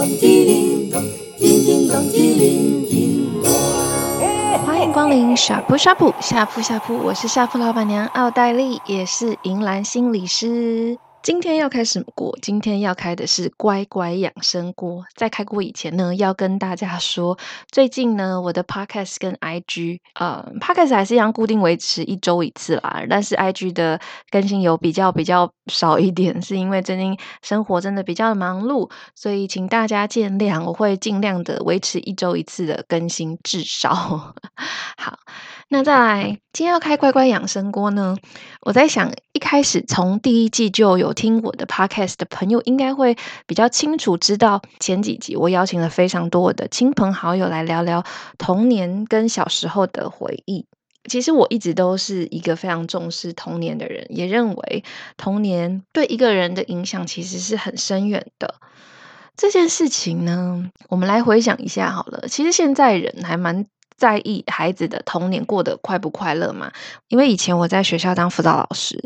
歡迎光臨呷哺呷哺呷哺呷哺，我是呷哺老闆娘奧黛麗，也是銀蘭心理師。今天要開什麼鍋？今天要開的是乖乖養生鍋。在開鍋以前呢，要跟大家說，最近呢，我的 podcast 跟 IG 呃、嗯、podcast 還是一樣固定維持一週一次啦。但是 IG 的更新有比較比較少一點，是因為最近生活真的比較忙碌，所以請大家見諒。我會盡量的維持一週一次的更新，至 少。好。那再來，今天要開乖乖養生鍋呢？我在想，一開始從第一季就有聽我的 podcast 的朋友，應該會比較清楚知道，前幾集我邀請了非常多我的親朋好友來聊聊童年跟小時候的回憶。其實我一直都是一個非常重視童年的人，也認為童年對一個人的影響其實是很深遠的。這件事情呢，我們來回想一下好了。其實現在人還蠻。在意孩子的童年過得快不快樂嘛，因為以前我在學校當輔導老師，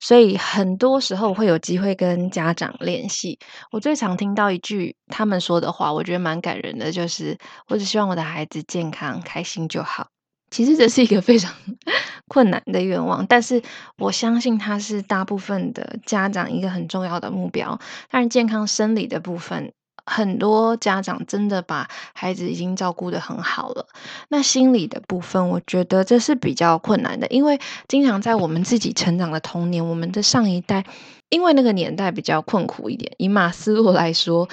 所以很多時候會有機會跟家長聯繫。我最常聽到一句他們說的話，我覺得蠻感人的，就是“我只希望我的孩子健康開心就好”。其實這是一個非常困難的願望，但是我相信他是大部分的家長一個很重要的目標。當然，健康生理的部分。很多家長真的把孩子已經照顧得很好了，那心理的部分，我覺得這是比較困難的，因為經常在我們自己成長的童年，我們的上一代，因為那個年代比較困苦一點。以馬斯洛來說，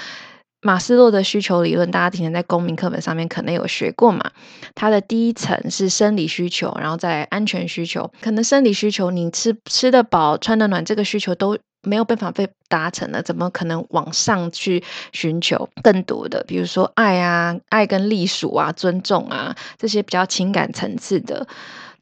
馬斯洛的需求理論，大家之前在公民課本上面可能有學過嘛。他的第一層是生理需求，然後再安全需求，可能生理需求你吃吃得飽、穿得暖，這個需求都。沒有辦法被達成了，怎麼可能往上去尋求更多的？比如說愛啊、愛跟隸屬啊、尊重啊這些比較情感層次的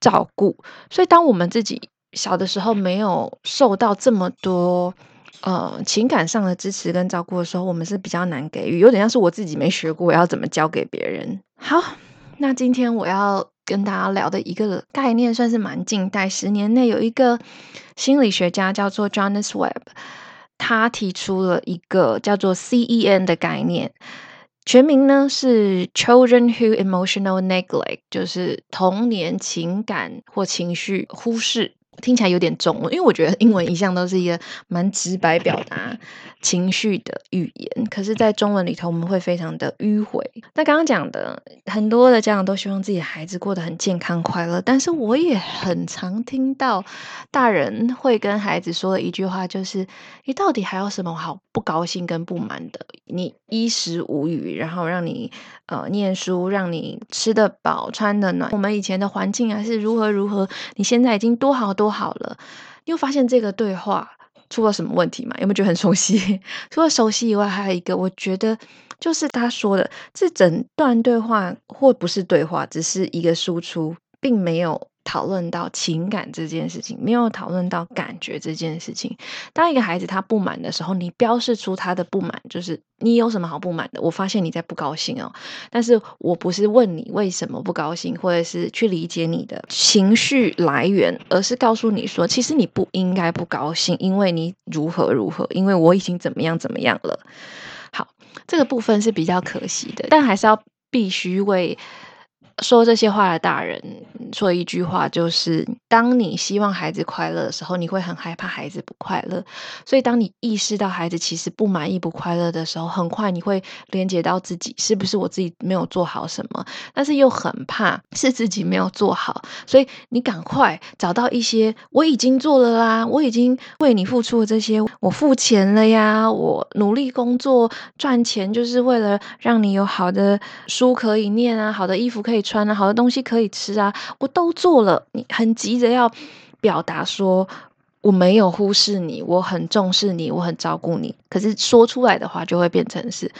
照顧。所以，當我們自己小的時候沒有受到這麼多呃情感上的支持跟照顧的時候，我們是比較難給予。有點像是我自己沒學過，我要怎麼教給別人？好，那今天我要跟大家聊的一個概念，算是蠻近代，十年內有一個心理學家叫做 Jonice Webb，他提出了一個叫做 CEN 的概念，全名呢是 Children Who Emotional Neglect，就是童年情感或情緒忽視。聽起來有點重，因為我覺得英文一向都是一個蠻直白表達情緒的語言，可是，在中文裡頭，我們會非常的迂回。那剛剛講的，很多的家長都希望自己的孩子過得很健康快樂，但是我也很常聽到大人會跟孩子說的一句話，就是“你到底還有什麼好不高興跟不滿的？”你衣食無虞，然後讓你呃念書，讓你吃得飽、穿得暖。我們以前的環境啊是如何如何，你現在已經多好多不好了，你有發現這個對話出了什麼問題嗎？有沒有覺得很熟悉？除了熟悉以外，還有一個，我覺得就是他說的這整段對話，或不是對話，只是一個輸出，並沒有。討論到情感這件事情，沒有討論到感覺這件事情。當一個孩子他不滿的時候，你標示出他的不滿，就是你有什麼好不滿的？我發現你在不高興哦，但是我不是問你為什麼不高興，或者是去理解你的情緒來源，而是告訴你說，其實你不應該不高興，因為你如何如何，因為我已經怎麼樣怎麼樣了。好，這個部分是比較可惜的，但還是要必須為說這些話的大人說一句話就是：當你希望孩子快樂的時候，你會很害怕孩子不快樂。所以，當你意識到孩子其實不滿意、不快樂的時候，很快你會聯結到自己：是不是我自己沒有做好什麼？但是又很怕是自己沒有做好，所以你趕快找到一些我已經做了啦，我已經為你付出了這些，我付錢了呀，我努力工作賺錢就是為了讓你有好的書可以念啊，好的衣服可以。穿啊，好多東西可以吃啊，我都做了。你很急着要表達說我沒有忽視你，我很重視你，我很照顧你。可是說出來的話就會變成是，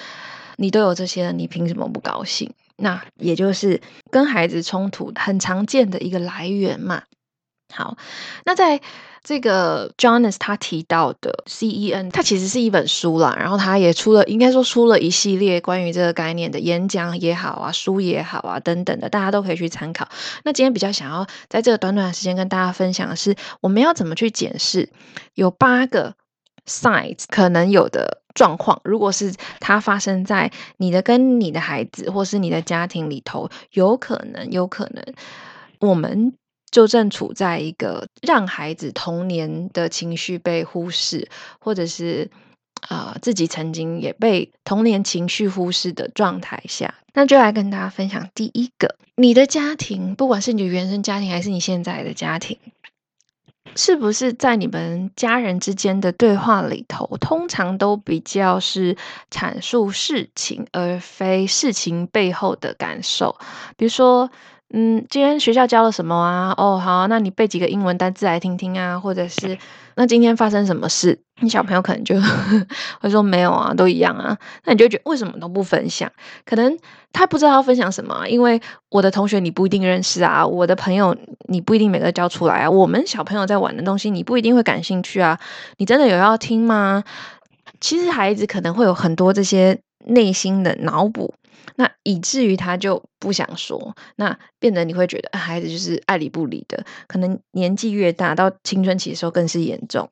你都有這些了，你憑什麼不高興？那也就是跟孩子衝突很常見的一個來源嘛。好，那在。這個 Jonice 他提到的 C E N，他其實是一本書啦，然後他也出了，應該說出了一系列關於這個概念的演講也好啊，書也好啊等等的，大家都可以去參考。那今天比較想要在這個短短的時間跟大家分享的是，我們要怎麼去檢視有八個 sides 可能有的狀況，如果是它發生在你的跟你的孩子或是你的家庭裡頭，有可能，有可能我們。就正處在一個讓孩子童年的情緒被忽視，或者是啊、呃、自己曾經也被童年情緒忽視的狀態下，那就來跟大家分享第一個，你的家庭，不管是你的原生家庭還是你現在的家庭，是不是在你們家人之間的對話裡頭，通常都比較是闡述事情，而非事情背後的感受，比如說。嗯，今天學校教了什麼啊？哦，好，那你背幾個英文單字來聽聽啊？或者是，那今天發生什麼事？你小朋友可能就呵呵會說沒有啊，都一樣啊。那你就覺得為什麼都不分享？可能他不知道要分享什麼，因為我的同學你不一定認識啊，我的朋友你不一定每個人教出來啊，我們小朋友在玩的東西你不一定會感興趣啊。你真的有要聽嗎？其實孩子可能會有很多這些內心的腦補。那以至於他就不想說，那變得你會覺得，啊，孩子就是愛理不理的。可能年紀越大，到青春期的時候更是嚴重。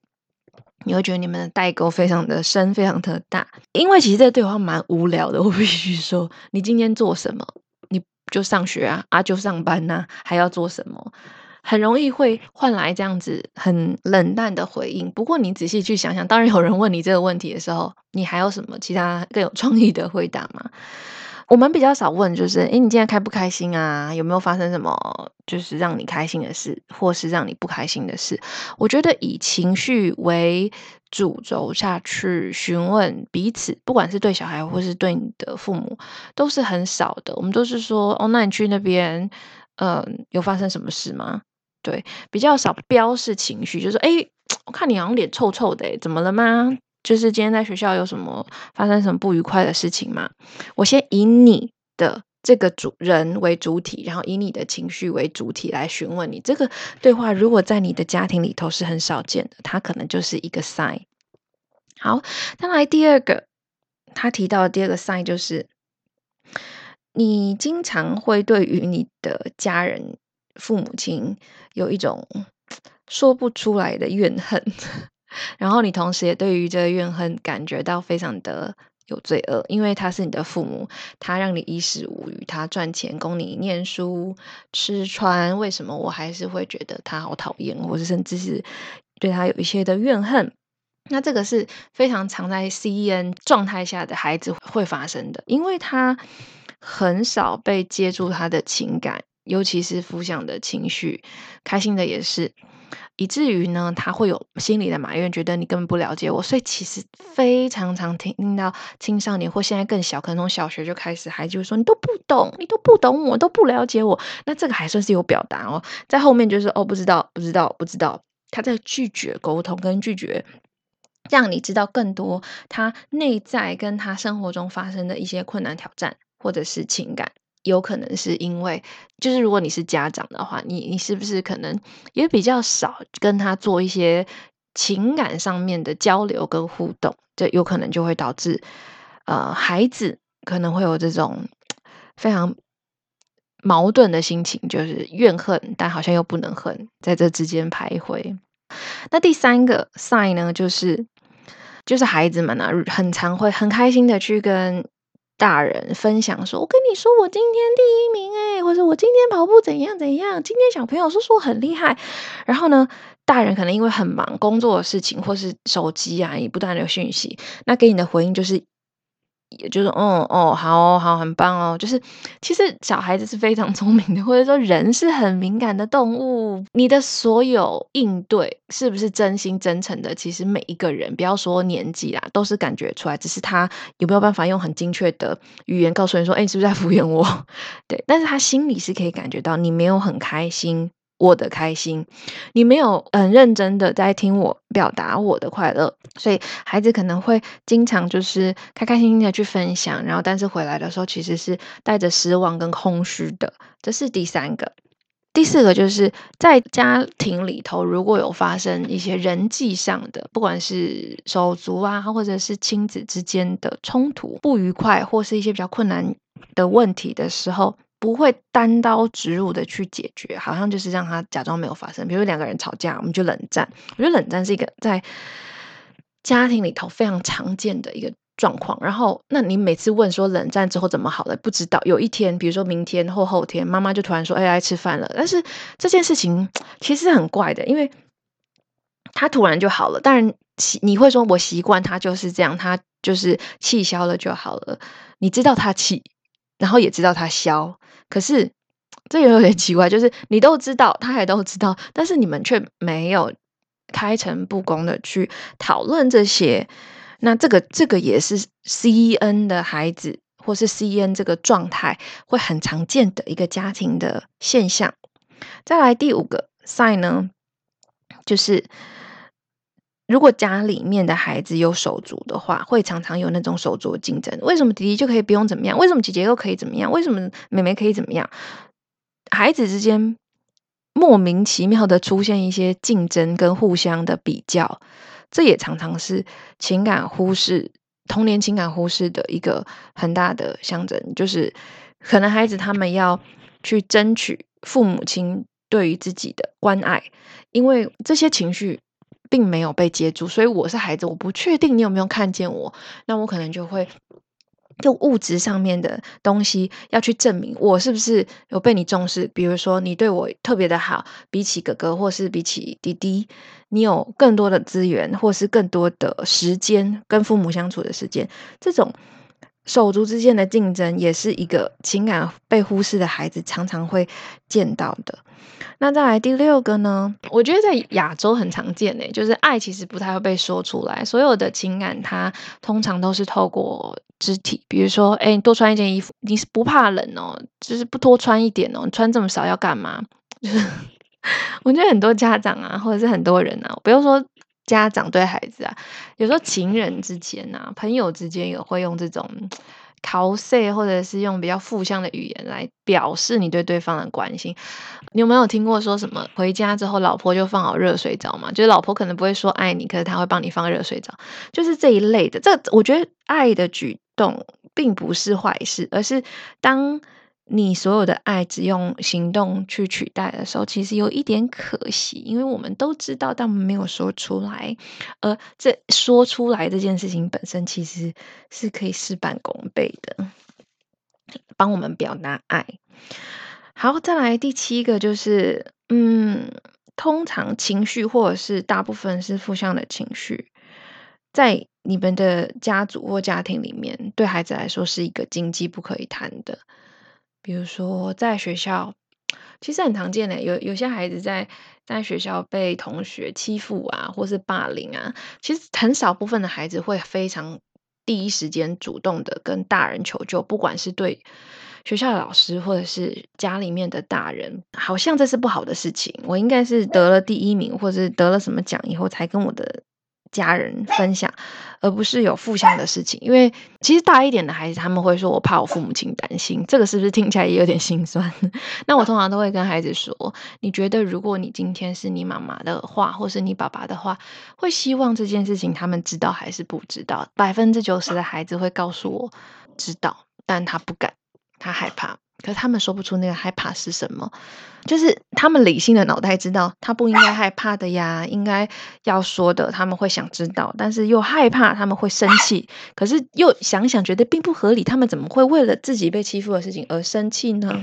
你會覺得你們的代溝非常的深，非常的大。因為其實這個對話蠻無聊的，我必須說。你今天做什麼？你就上學啊？啊，就上班啊還要做什麼？很容易會換來這樣子很冷淡的回應。不過你仔細去想想，當然有人問你這個問題的時候，你還有什麼其他更有創意的回答嗎？我們比較少問，就是誒你今天開不開心啊？有沒有發生什麼，就是讓你開心的事，或是讓你不開心的事？我覺得以情緒為主軸下去詢問彼此，不管是對小孩或是對你的父母，都是很少的。我們都是說，哦，那你去那邊，嗯，有發生什麼事嗎？對，比較少標示情緒，就是哎，我看你好像臉臭臭的，怎麼了嗎？就是今天在學校有什麼發生什麼不愉快的事情嗎？我先以你的這個主人為主體，然後以你的情緒為主體來詢問你。這個對話如果在你的家庭裡頭是很少見的，它可能就是一個 sign。好，再來第二個，他提到的第二個 sign 就是，你經常會對於你的家人父母親有一種說不出來的怨恨。然後你同時也對於這個怨恨感覺到非常的有罪惡，因為他是你的父母，他讓你衣食無虞，他賺錢供你念書、吃穿，為什麼我還是會覺得他好討厭，或是甚至是對他有一些的怨恨？那這個是非常常在 CEN 狀態下的孩子會發生的，因為他很少被接觸他的情感，尤其是負向的情緒，開心的也是。以至於呢，他會有心理的埋怨，覺得你根本不了解我。所以其實非常常聽到青少年或現在更小，可能從小學就開始還就是，孩就會說你都不懂，你都不懂我，都不了解我。那這個還算是有表達哦。在後面就是哦，不知道，不知道，不知道，他在拒絕溝通，跟拒絕讓你知道更多他內在跟他生活中發生的一些困難挑戰，或者是情感。有可能是因為，就是如果你是家長的話，你你是不是可能也比較少跟他做一些情感上面的交流跟互動？這有可能就會導致呃，孩子可能會有這種非常矛盾的心情，就是怨恨，但好像又不能恨，在這之間徘徊。那第三個 sign 呢，就是就是孩子們呢、啊，很常會很開心的去跟。大人分享說：“我跟你說，我今天第一名誒、欸，或者我今天跑步怎樣怎樣。”今天小朋友說說很厲害，然後呢，大人可能因為很忙工作的事情，或是手機啊，也不斷的有訊息，那給你的回應就是。也就是，嗯哦，好好，很棒哦。就是，其實小孩子是非常聰明的，或者說人是很敏感的動物。你的所有應對是不是真心真誠的？其實每一個人，不要說年紀啦，都是感覺出來。只是他有沒有辦法用很精確的語言告訴你說，哎，你是不是在敷衍我？對，但是他心裡是可以感覺到你沒有很開心。我的開心，你沒有很認真的在聽我表達我的快樂，所以孩子可能會經常就是開開心心的去分享，然後但是回來的時候其實是帶着失望跟空虛的。這是第三個，第四個就是在家庭裡頭如果有發生一些人際上的，不管是手足啊，或者是親子之間的衝突、不愉快，或是一些比較困難的問題的時候，不會單刀直入的去解決，好像就是讓他假裝沒有發生。比如兩個人吵架，我們就冷戰。我覺得冷戰是一個在家庭裡頭非常常見的一個狀況。然後，那你每次問說冷戰之後怎麼好了，不知道。有一天，比如說明天或後天，媽媽就突然說：“哎，哎吃飯了。”但是這件事情其實很怪的，因為他突然就好了。當然，你會說我習慣他就是這樣，他就是氣消了就好了。你知道他氣，然後也知道他消。可是，這也有點奇怪，就是你都知道，他也都知道，但是你們卻沒有開誠布公的去討論這些。那這個這個也是 CEN 的孩子，或是 CEN 這個狀態會很常見的一個家庭的現象。再來第五個 sign 呢，就是。如果家裡面的孩子有手足的話，會常常有那種手足的競爭。為什麼弟弟就可以不用怎麼樣？為什麼姐姐又可以怎麼樣？為什麼妹妹可以怎麼樣？孩子之間莫名其妙的出現一些競爭跟互相的比較，這也常常是情感忽視、童年情感忽視的一個很大的象徵。就是可能孩子他們要去爭取父母親對於自己的關愛，因為這些情緒並沒有被接住，所以我是孩子，我不確定你有沒有看見我。那我可能就會用物質上面的東西要去證明我是不是有被你重視，比如說你對我特別的好，比起哥哥或是比起弟弟，你有更多的資源或是更多的時間跟父母相處的時間。這種手足之間的競爭，也是一個情感被忽視的孩子常常會見到的。那再來第六個呢？我覺得在亞洲很常見誒、欸，就是愛其實不太會被說出來，所有的情感它通常都是透過肢體，比如說，誒、欸，你多穿一件衣服，你是不怕冷哦？就是不多穿一點哦？你穿這麼少要幹嘛？就是 我覺得很多家長啊，或者是很多人啊，我不用說家長對孩子啊，有時候情人之間啊，朋友之間也會用這種。討好，或者是用比較負向的語言來表示你對對方的關心。你有沒有聽過說什麼回家之後老婆就放好熱水澡嘛？就是老婆可能不會說愛你，可是他會幫你放熱水澡，就是這一類的。這我覺得愛的舉動並不是壞事，而是當。你所有的愛只用行動去取代的時候，其實有一點可惜，因為我們都知道，但我們沒有說出來。而這說出來這件事情本身，其實是可以事半功倍的，幫我們表達愛。好，再來第七個，就是嗯，通常情緒或者是大部分是負向的情緒，在你們的家族或家庭裡面，對孩子來說是一個禁忌，不可以談的。比如說，在學校其實很常見的，有有些孩子在在學校被同學欺負啊，或是霸凌啊，其實很少部分的孩子會非常第一時間主動的跟大人求救，不管是對學校老師，或者是家裡面的大人，好像這是不好的事情。我應該是得了第一名，或者得了什麼獎以後，才跟我的。家人分享，而不是有負向的事情，因為其實大一點的孩子他們會說：“我怕我父母親擔心。”這個是不是聽起來也有點心酸？ 那我通常都會跟孩子說：“你覺得如果你今天是你媽媽的話，或是你爸爸的話，會希望這件事情他們知道還是不知道？”百分之九十的孩子會告訴我知道，但他不敢，他害怕。可是他們說不出那個害怕是什麼，就是他們理性的腦袋知道他不應該害怕的呀，應該要說的他們會想知道，但是又害怕他們會生氣，可是又想想覺得並不合理，他們怎麼會為了自己被欺負的事情而生氣呢？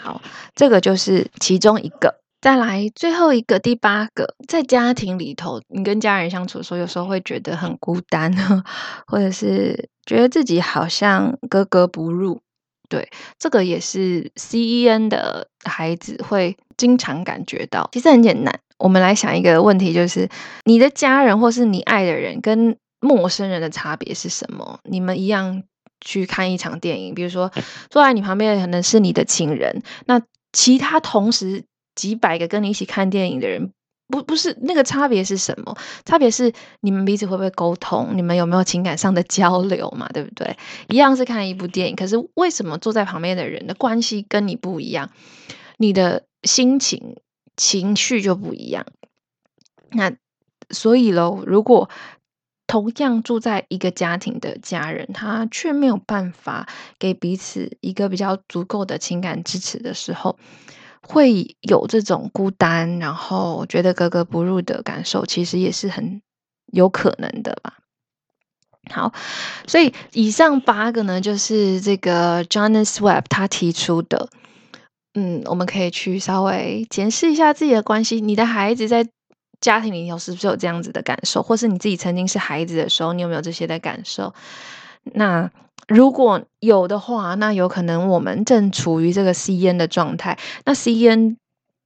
好，這個就是其中一個。再來最後一個第八個，在家庭裡頭，你跟家人相處的時候，有時候會覺得很孤單呢，或者是覺得自己好像格格不入。對，這個也是 CEN 的孩子會經常感覺到。其實很簡單，我們來想一個問題，就是你的家人或是你愛的人跟陌生人的差別是什麼？你們一樣去看一場電影，比如說坐在你旁邊可能是你的親人，那其他同時幾百個跟你一起看電影的人。不，不是。那個差別是什麼？差別是你們彼此會不會溝通，你們有沒有情感上的交流嘛？對不對？一樣是看一部電影，可是為什麼坐在旁邊的人的關係跟你不一樣，你的心情情緒就不一樣？那所以嘍，如果同樣住在一個家庭的家人，他卻沒有辦法給彼此一個比較足夠的情感支持的時候。會有這種孤單，然後覺得格格不入的感受，其實也是很有可能的吧。好，所以以上八個呢，就是這個 Jonice Wedd 他提出的。嗯，我們可以去稍微檢視一下自己的關係。你的孩子在家庭裡頭是不是有這樣子的感受？或是你自己曾經是孩子的時候，你有沒有這些的感受？那。如果有的話，那有可能我們正處於這個吸菸的狀態。那吸菸。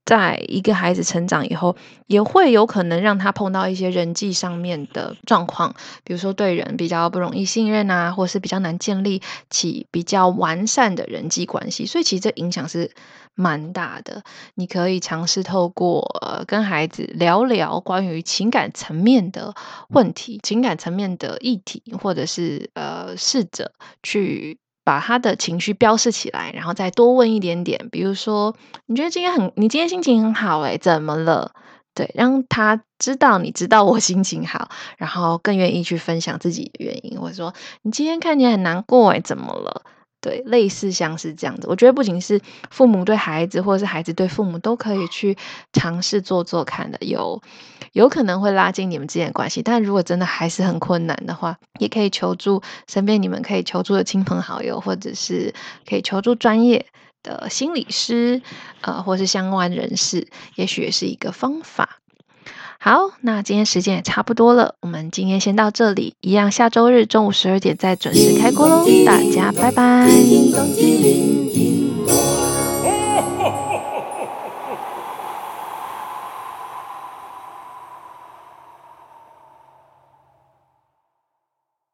在一個孩子成長以後，也會有可能讓他碰到一些人際上面的狀況，比如說對人比較不容易信任啊，或是比較難建立起比較完善的人際關係，所以其實這影響是蠻大的。你可以嘗試透過，呃，跟孩子聊聊關於情感層面的問題，情感層面的議題，或者是呃試着去。把他的情緒標示起來，然後再多問一點點，比如說，你覺得今天很，你今天心情很好哎，怎麼了？對，讓他知道你知道我心情好，然後更願意去分享自己的原因。或者說，你今天看起來很難過哎，怎麼了？對，類似像是這樣子，我覺得不僅是父母對孩子，或者是孩子對父母，都可以去嘗試做做看的，有有可能會拉近你們之間的關係。但如果真的還是很困難的話，也可以求助身邊你們可以求助的親朋好友，或者是可以求助專業的心理師，呃，或是相關人士，也許也是一個方法。好，那今天時間也差不多了，我們今天先到這裡，一樣下周日中午十二點再準時開鍋嘍，大家拜拜。